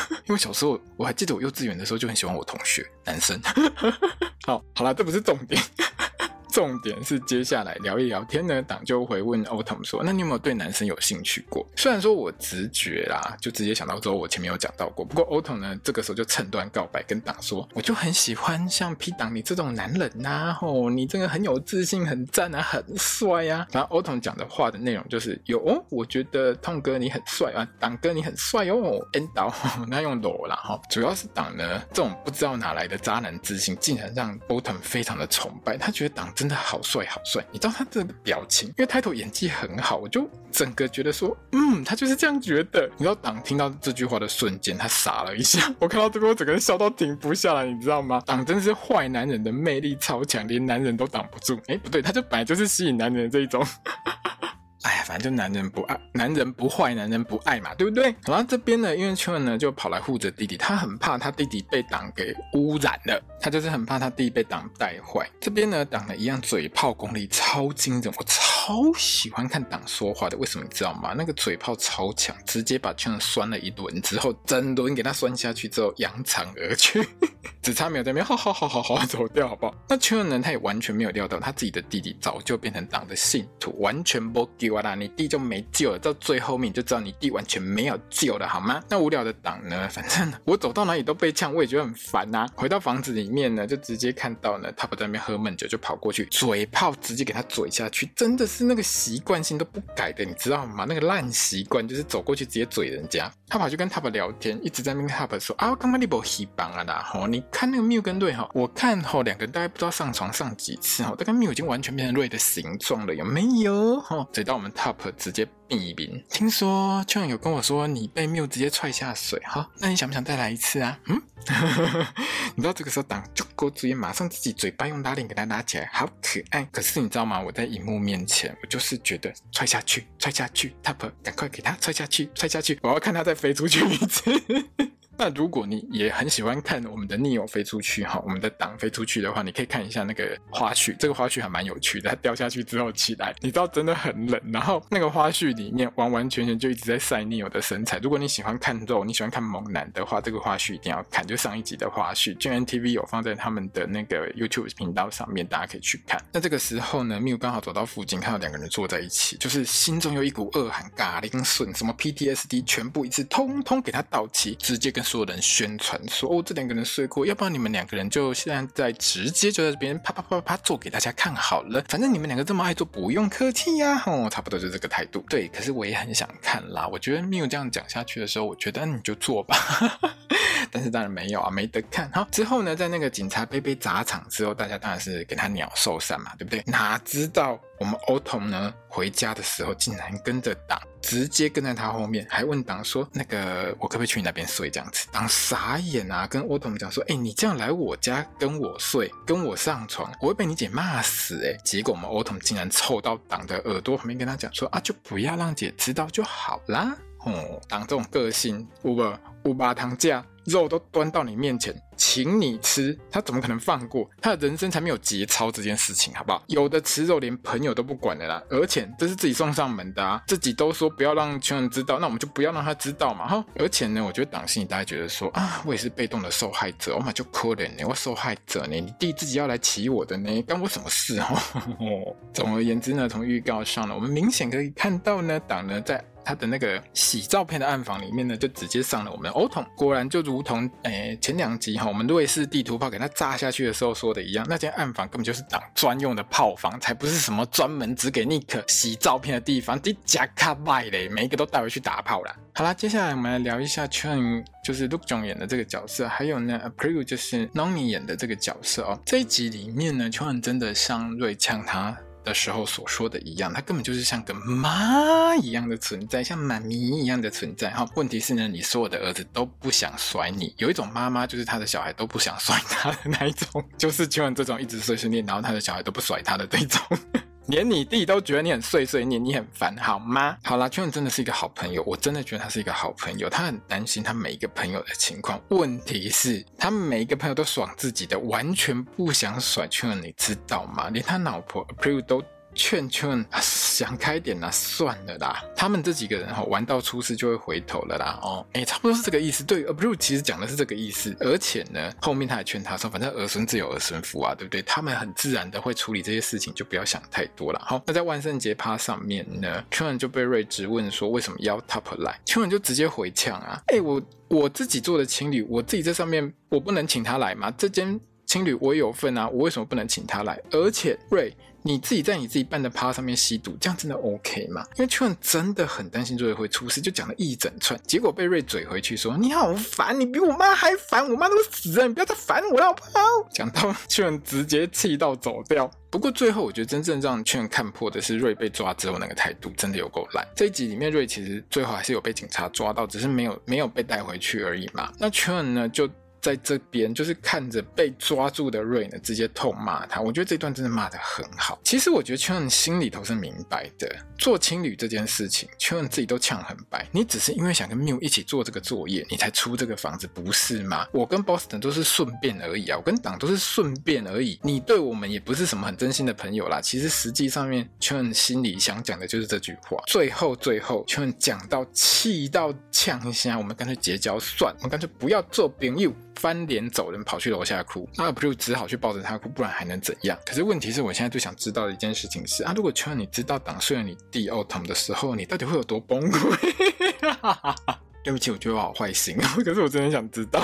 因為小時候我還記得我幼稚園的時候就很喜歡我同學男生。 好好啦，這不是重點。 重點是接下來聊一聊天呢，黨就會問 Atom 說：“那你有沒有對男生有興趣過？”雖然說我直覺啦，就直接想到說，我前面有講到過。不過 Atom 呢，這個時候就趁端告白跟黨說：“我就很喜歡像 P 黨你這種男人吶、啊，哦，你真的很有自信，很讚啊，很帥啊。然後 Atom 講的話的內容就是有哦，我覺得痛哥你很帥啊，黨哥你很帥哦，引導 nd o, 那用羅啦哈、哦，主要是黨呢這種不知道哪來的渣男自信，竟然讓 Atom 非常的崇拜，他覺得黨真。真的好帥，好帥！你知道他這個表情，因為抬頭演技很好，我就整個覺得說，嗯，他就是這樣覺得。你知道黨聽到這句話的瞬間，他傻了一下。我看到這個我整個人笑到停不下來，你知道嗎？黨真的是壞男人的魅力超強，連男人都擋不住。哎，不對，他就本來就是吸引男人的這一種。 哎呀，反正就男人不愛，男人不壞，男人不愛嘛，對不對？然後這邊呢，因為秋恩呢就跑來護着弟弟，他很怕他弟弟被黨給污染了，他就是很怕他弟弟被黨帶壞。這邊呢，黨的一樣嘴炮功力超驚人，我操！好喜歡看黨說話的，為什麼你知道嗎？那個嘴炮超強，直接把圈子拴了一輪之後，整輪給他拴下去之後，揚長而去， 只差沒有在那邊好好好好好走掉，好不好？那圈人呢，他也完全沒有料到，他自己的弟弟早就變成黨的信徒，完全不給，i 了啦，你弟就沒救了，到最後面就知道你弟完全沒有救了，好嗎？那無聊的黨呢，反正我走到哪裡都被嗆，我也覺得很煩吶、啊。回到房子裡面呢，就直接看到呢，他不在那邊喝悶酒，就跑過去，嘴炮直接給他嘴下去，真的是。是那個習慣性都不改的，你知道嗎？那個爛習慣就是走過去直接嘴人家，他跑去跟 Top 聊天，一直在那邊 Top 說啊，幹嘛你不吸棒啊啦？吼、哦，你看那個 Mew 跟瑞哈、哦，我看吼兩、哦、個人大概不知道上床上幾次哈，大概 Mew 已經完全變成瑞的形狀了有沒有？吼、哦，嘴到我們 Top 直接。比一聽說秋陽有跟我說，你被繆直接踹下水哈，那你想不想再來一次啊？嗯， 你知道這個時候當狗直接，馬上自己嘴巴用拉鏈給他拉起來，好可愛。可是你知道嗎？我在熒幕面前，我就是覺得踹下去，踹下去，Top，趕快給他踹下去，踹下去，我要看他再飛出去一次。 那如果你也很喜歡看我們的 Neo 飛出去哈，我們的黨飛出去的話，你可以看一下那個花絮，這個花絮還蠻有趣的。它掉下去之後起來，你知道真的很冷，然後那個花絮裡面完完全全就一直在曬 Neo 的身材。如果你喜歡看肉，你喜歡看猛男的話，這個花絮一定要看，就上一集的花絮。GMMTV 有放在他們的那個 YouTube 頻道上面，大家可以去看。那這個時候呢，Mew 剛好走到附近，看到兩個人坐在一起，就是心中有一股惡寒，嘎鈴筍，什麼 PTSD 全部一次通通給他到齊，直接跟，所有人宣傳說哦，這兩個人睡過，要不然你們兩個人就現在直接就在這邊啪啪啪啪啪做給大家看好了，反正你們兩個這麼愛做，不用客氣呀、啊，哦，差不多就這個態度。對，可是我也很想看啦，我覺得 Mew 這樣講下去的時候，我覺得、嗯、你就做吧， 但是當然沒有啊，沒得看。哈，之後呢，在那個警察杯杯砸場之後，大家當然是給他鳥獸散嘛，對不對？哪知道我們 Atom 呢回家的時候，竟然跟着打。直接跟在他後面，還問黨說：“那個，我可不可以去你那邊睡？”這樣子，黨傻眼啊，跟 Atom 講說：“哎、欸，你這樣來我家跟我睡，跟我上床，我會被你姐罵死、欸！”哎，結果我們 Atom 竟然湊到黨的耳朵旁邊跟他講說：“啊，就不要讓姐知道就好啦。嗯”哦，黨這種個性，烏巴烏巴糖架。肉都端到你面前，請你吃，他怎麼可能放過？他的人生才沒有節操這件事情，好不好？有的吃肉連朋友都不管的啦，而且這是自己送上門的，啊，自己都說不要讓親人知道，那我們就不要讓他知道嘛，哈。對而且呢，我覺得黨心裡大家覺得說啊，我也是被動的受害者，我嘛就可憐你，我受害者呢，你弟自己要來騎我的呢，干我什麼事哦，呵呵呵總而言之呢，從預告上呢，我們明顯可以看到呢，黨呢在。他的那個洗照片的暗房裡面呢，就直接上了我們的歐桶，果然就如同誒、欸、前兩集哈，我們瑞士地圖炮給他炸下去的時候說的一樣，那間暗房根本就是黨專用的炮房，才不是什麼專門只給尼克洗照片的地方。這假卡賣的每一個都帶回去打炮了。好啦，接下來我們來聊一下 Chun，就是 Look Jong 演的這個角色，還有呢，April 就是 Nomi 演的這個角色哦。這一集裡面呢，Chun 真的像瑞嗆他。的時候所說的一樣，他根本就是像個媽一樣的存在，像媽咪一樣的存在哈。問題是呢，你所有的兒子都不想甩你，有一種媽媽就是他的小孩都不想甩他的那一種，就是就像這種一直碎碎念，然後他的小孩都不甩他的這種。連你弟都覺得你很碎碎念，你很煩好嗎？好啦，Cheum 真的是一個好朋友，我真的覺得他是一個好朋友，他很擔心他每一個朋友的情況。問題是，他每一個朋友都爽自己的，完全不想甩 Cheum，你知道嗎？連他老婆 April 都。勸勸、啊，想開點啦、啊，算了啦，他們這幾個人哈玩到出事就會回頭了啦，哦，哎，差不多是這個意思。對，Abu 其實講的是這個意思，而且呢，後面他還勸他說，反正兒孫自有兒孫福啊，對不對？他們很自然的會處理這些事情，就不要想太多了。好、哦，那在萬聖節趴上面呢，勸就被瑞質問說為什麼要 Top 來，勸就直接回嗆啊，哎，我我自己做的青旅，我自己在上面，我不能請他來嗎？這間青旅我有份啊，我為什麼不能請他來？而且瑞。你自己在你自己辦的趴上面吸毒，這樣真的 OK 嗎？因為勸真的很擔心瑞會出事，就講了一整串，結果被瑞嘴回去說：“你好煩，你比我媽還煩，我媽都死了，你不要再煩我了好不好？”講到勸直接氣到走掉。不過最後，我覺得真正讓勸看破的是瑞被抓之後那個態度，真的有夠爛。這一集裡面，瑞其實最後還是有被警察抓到，只是沒有沒有被帶回去而已嘛。那勸呢就。在這邊就是看着被抓住的瑞呢，直接痛罵他。我覺得這段真的罵得很好。其實我覺得秋恩心裡頭是明白的，做情侶這件事情，秋恩自己都嗆很白。你只是因為想跟繆一起做這個作業，你才出這個房子，不是嗎？我跟 Boston 都是順便而已啊，我跟黨都是順便而已。你對我們也不是什麼很真心的朋友啦。其實實際上面，秋恩心裡想講的就是這句話。最後最後，秋恩講到氣到嗆一下，我們乾脆絕交算，我們乾脆不要做朋友。翻臉走人，跑去樓下哭，那不就只好去抱着他哭，不然還能怎樣？可是問題是我現在最想知道的一件事情是，啊，如果確你知道黨碎了你第二桶的時候，你到底會有多崩潰？對不起，我覺得我好壞心，可是我真的很想知道。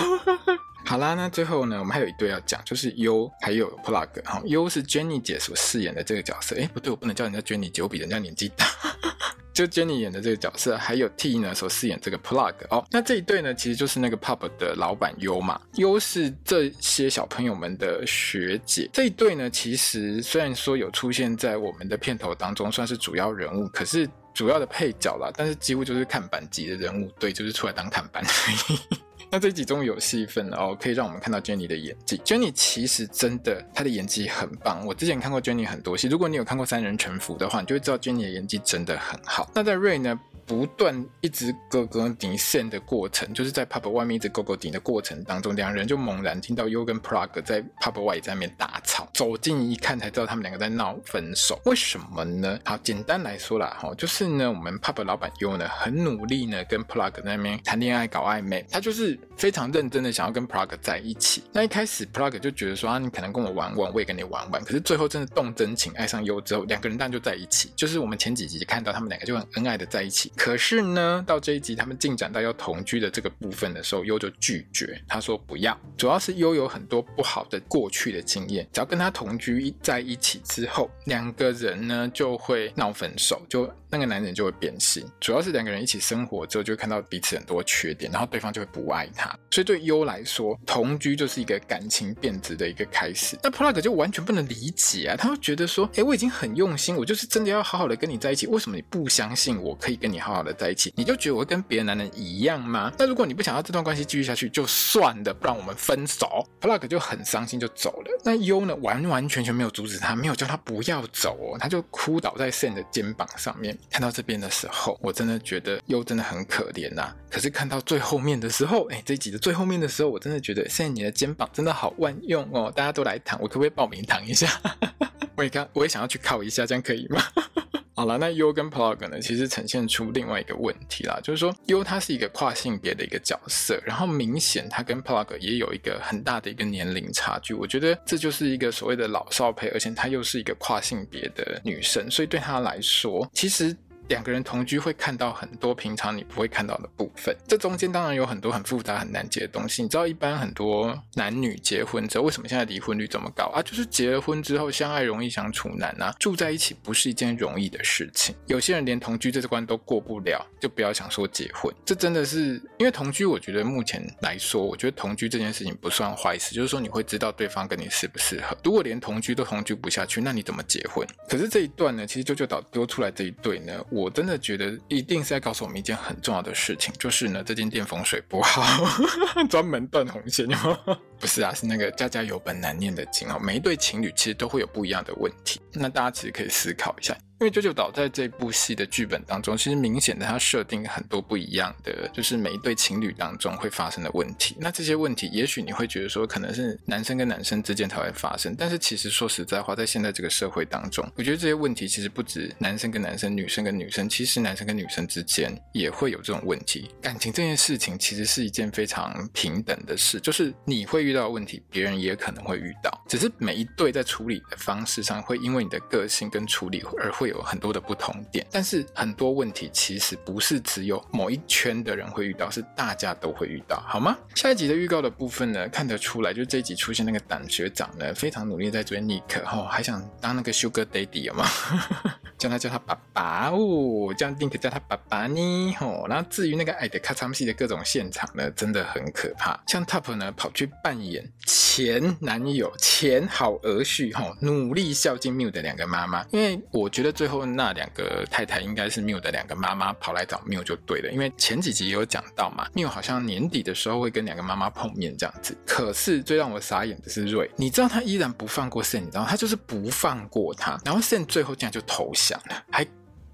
好啦，那最後呢，我們還有一對要講，就是 U 還有 Plug，哦。好，U 是 Jenny 姐所飾演的這個角色，哎，不對，我不能叫人家 Jenny 姐，我比人家年紀大。 就 Jenny 演的這個角色，還有 T 呢所飾演這個 Plug 哦。那這一對呢，其實就是那個 Pub 的老闆 U 嘛。U 是這些小朋友們的學姐。這一對呢，其實雖然說有出現在我們的片頭當中，算是主要人物，可是主要的配角啦。但是幾乎就是看板級的人物，對，就是出來當看板嘿嘿 那這集中有戲份哦，可以讓我們看到 Jenny 的演技。Jenny 其實真的，她的演技很棒。我之前看過 Jenny 很多戲，如果你有看過《三人成浮》的話，你就會知道 Jenny 的演技真的很好。那在瑞呢？不斷一直勾勾底線的過程，就是在 pub 外面一直勾勾頂的過程當中，兩人就猛然聽到 U 跟 plug 在 pub 外在那邊大吵，走近一看才知道他們兩個在鬧分手。為什麼呢？好，簡單來說啦，哈，就是呢，我們 pub 老板 U 呢很努力呢跟 plug 在那邊談戀愛搞曖昧，他就是非常認真的想要跟 plug 在一起。那一開始 plug 就覺得說啊，你可能跟我玩玩，我也跟你玩玩，可是最後真的動真情愛上 U 之後，兩個人當然就在一起。就是我們前幾集看到他們兩個就很恩愛的在一起。可是呢，到這一集他們進展到要同居的這個部分的時候，優就拒絕。他說不要，主要是優有很多不好的過去的經驗，只要跟他同居在一起之後，兩個人呢就會鬧分手就。那個男人就會變心，主要是兩個人一起生活之後，就會看到彼此很多缺點，然後對方就會不愛他。所以對優來說，同居就是一個感情變質的一個開始。那 Plug 就完全不能理解啊，他會覺得說，哎、欸，我已經很用心，我就是真的要好好的跟你在一起，為什麼你不相信我可以跟你好好的在一起？你就覺得我跟別的男人一樣嗎？那如果你不想要這段關係繼續下去，就算了，不然我們分手。Plug 就很傷心就走了。那優呢，完完全全沒有阻止他，沒有叫他不要走，哦，他就哭倒在 Sand 的肩膀上面。看到這邊的時候，我真的覺得又真的很可憐吶、啊。可是看到最後面的時候，哎、欸，這一集的最後面的時候，我真的覺得現在你的肩膀真的好萬用哦，大家都來躺，我可不可以報名躺一下？ 我也剛，我也想要去靠一下，這樣可以嗎？ 好啦，那 Yo 跟 Plug 呢，其實呈現出另外一個問題啦，就是說 Yo 她是一個跨性別的一個角色，然後明顯她跟 Plug 也有一個很大的一個年齡差距，我覺得這就是一個所謂的老少配，而且她又是一個跨性別的女生，所以對她來說，其實。兩個人同居會看到很多平常你不會看到的部分，這中間當然有很多很複雜很難解的東西。你知道，一般很多男女結婚之後，為什麼現在離婚率這麼高啊？就是結了婚之後相愛容易相處難啊，住在一起不是一件容易的事情。有些人連同居這次關都過不了，就不要想說結婚。這真的是因為同居，我覺得目前來說，我覺得同居這件事情不算壞事，就是說你會知道對方跟你適不適合。如果連同居都同居不下去，那你怎麼結婚？可是這一段呢，其實就就導多出來這一對呢。我真的覺得一定是在告訴我們一件很重要的事情，就是呢，這間店風水不好， 專門斷紅線哦。 不是啊，是那個家家有本難念的經哦。每一對情侶其實都會有不一樣的問題，那大家其實可以思考一下。因為 Jojo 導在這部戲的劇本當中，其實明顯的它設定很多不一樣的，就是每一對情侶當中會發生的問題。那這些問題，也許你會覺得說，可能是男生跟男生之間才會發生，但是其實說實在話，在現在這個社會當中，我覺得這些問題其實不止男生跟男生、女生跟女生，其實男生跟女生之間也會有這種問題。感情這件事情其實是一件非常平等的事，就是你會遇到的問題，別人也可能會遇到，只是每一對在處理的方式上，會因為你的個性跟處理而會。有很多的不同點，但是很多問題其實不是只有某一圈的人會遇到，是大家都會遇到，好嗎？下一集的預告的部分呢，看得出來，就這一集出現那個膽學長呢，非常努力在追尼克哈，還想當那個 Sugar Daddy 有嗎 叫他叫他爸爸哦，叫 Dink 叫他爸爸呢吼、哦。然後至於那個愛的咔嚓系的各種現場呢，真的很可怕，像 Top 呢跑去扮演前男友、前好兒婿哈，努力孝敬 Mew 的兩個媽媽，因為我覺得。最後那兩個太太應該是繆的兩個媽媽跑來找繆就對了，因為前幾集也有講到嘛，繆好像年底的時候會跟兩個媽媽碰面這樣子。可是最讓我傻眼的是瑞，你知道他依然不放過 Sand 你知道他就是不放過他，然後 Sand 最後竟然就投降了，還。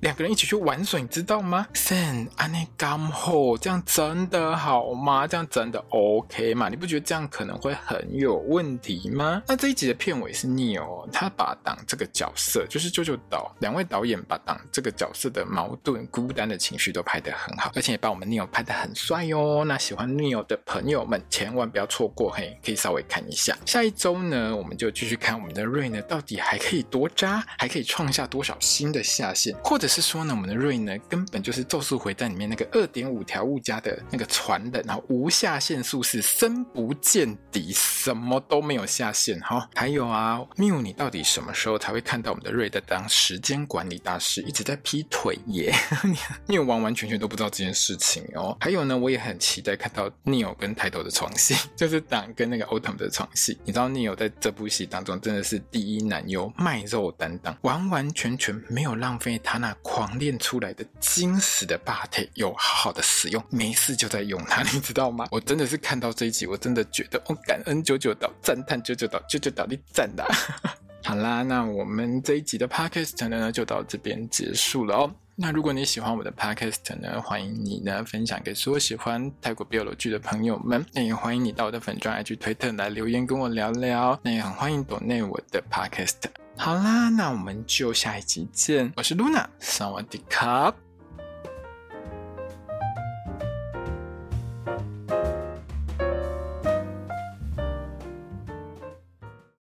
兩個人一起去玩水，你知道嗎？Sen，Ani Gomho，這樣真的好嗎？這樣真的 OK 嗎？你不覺得這樣可能會很有問題嗎？那這一集的片尾是 n e o 他把黨這個角色，就是舅舅導兩位導演把黨這個角色的矛盾、孤單的情緒都拍得很好，而且也把我們 n e o 拍得很帥喲、哦。那喜歡 n e o 的朋友們千萬不要錯過嘿，可以稍微看一下。下一周呢，我們就繼續看我們的瑞呢，到底還可以多渣，還可以創下多少新的下限，或者。是說呢，我們的瑞呢，根本就是《咒術迴戰》裡面那個二點五條物加的那個船的，然後無下限術式深不見底，什麼都沒有下限哈、哦。還有啊 Mew 你到底什麼時候才會看到我們的瑞在當時間管理大師，一直在劈腿耶？你 完完全全都不知道這件事情哦。還有呢，我也很期待看到 Neo 跟抬頭的床戲，就是黨跟那個 Otom 的床戲。你知道 Neo 在這部戲當中真的是第一男優賣肉擔當，完完全全沒有浪費他那。狂練出來的精實的 body 有好好的使用，沒事就在用它，你知道嗎？我真的是看到這一集，我真的覺得我、哦、感恩九九到讚嘆九九到九九到底讚的、啊。 好啦，那我們這一集的 podcast 呢，就到這邊結束了哦。那如果你喜歡我的 podcast 呢，歡迎你呢分享給所有喜歡泰國 BL 劇的朋友們。那也歡迎你到我的粉專、IG、推特來留言跟我聊聊。那也很歡迎 donate 我的 podcast。好啦，那我們就下一集見。我是 Luna, 薩瓦迪卡。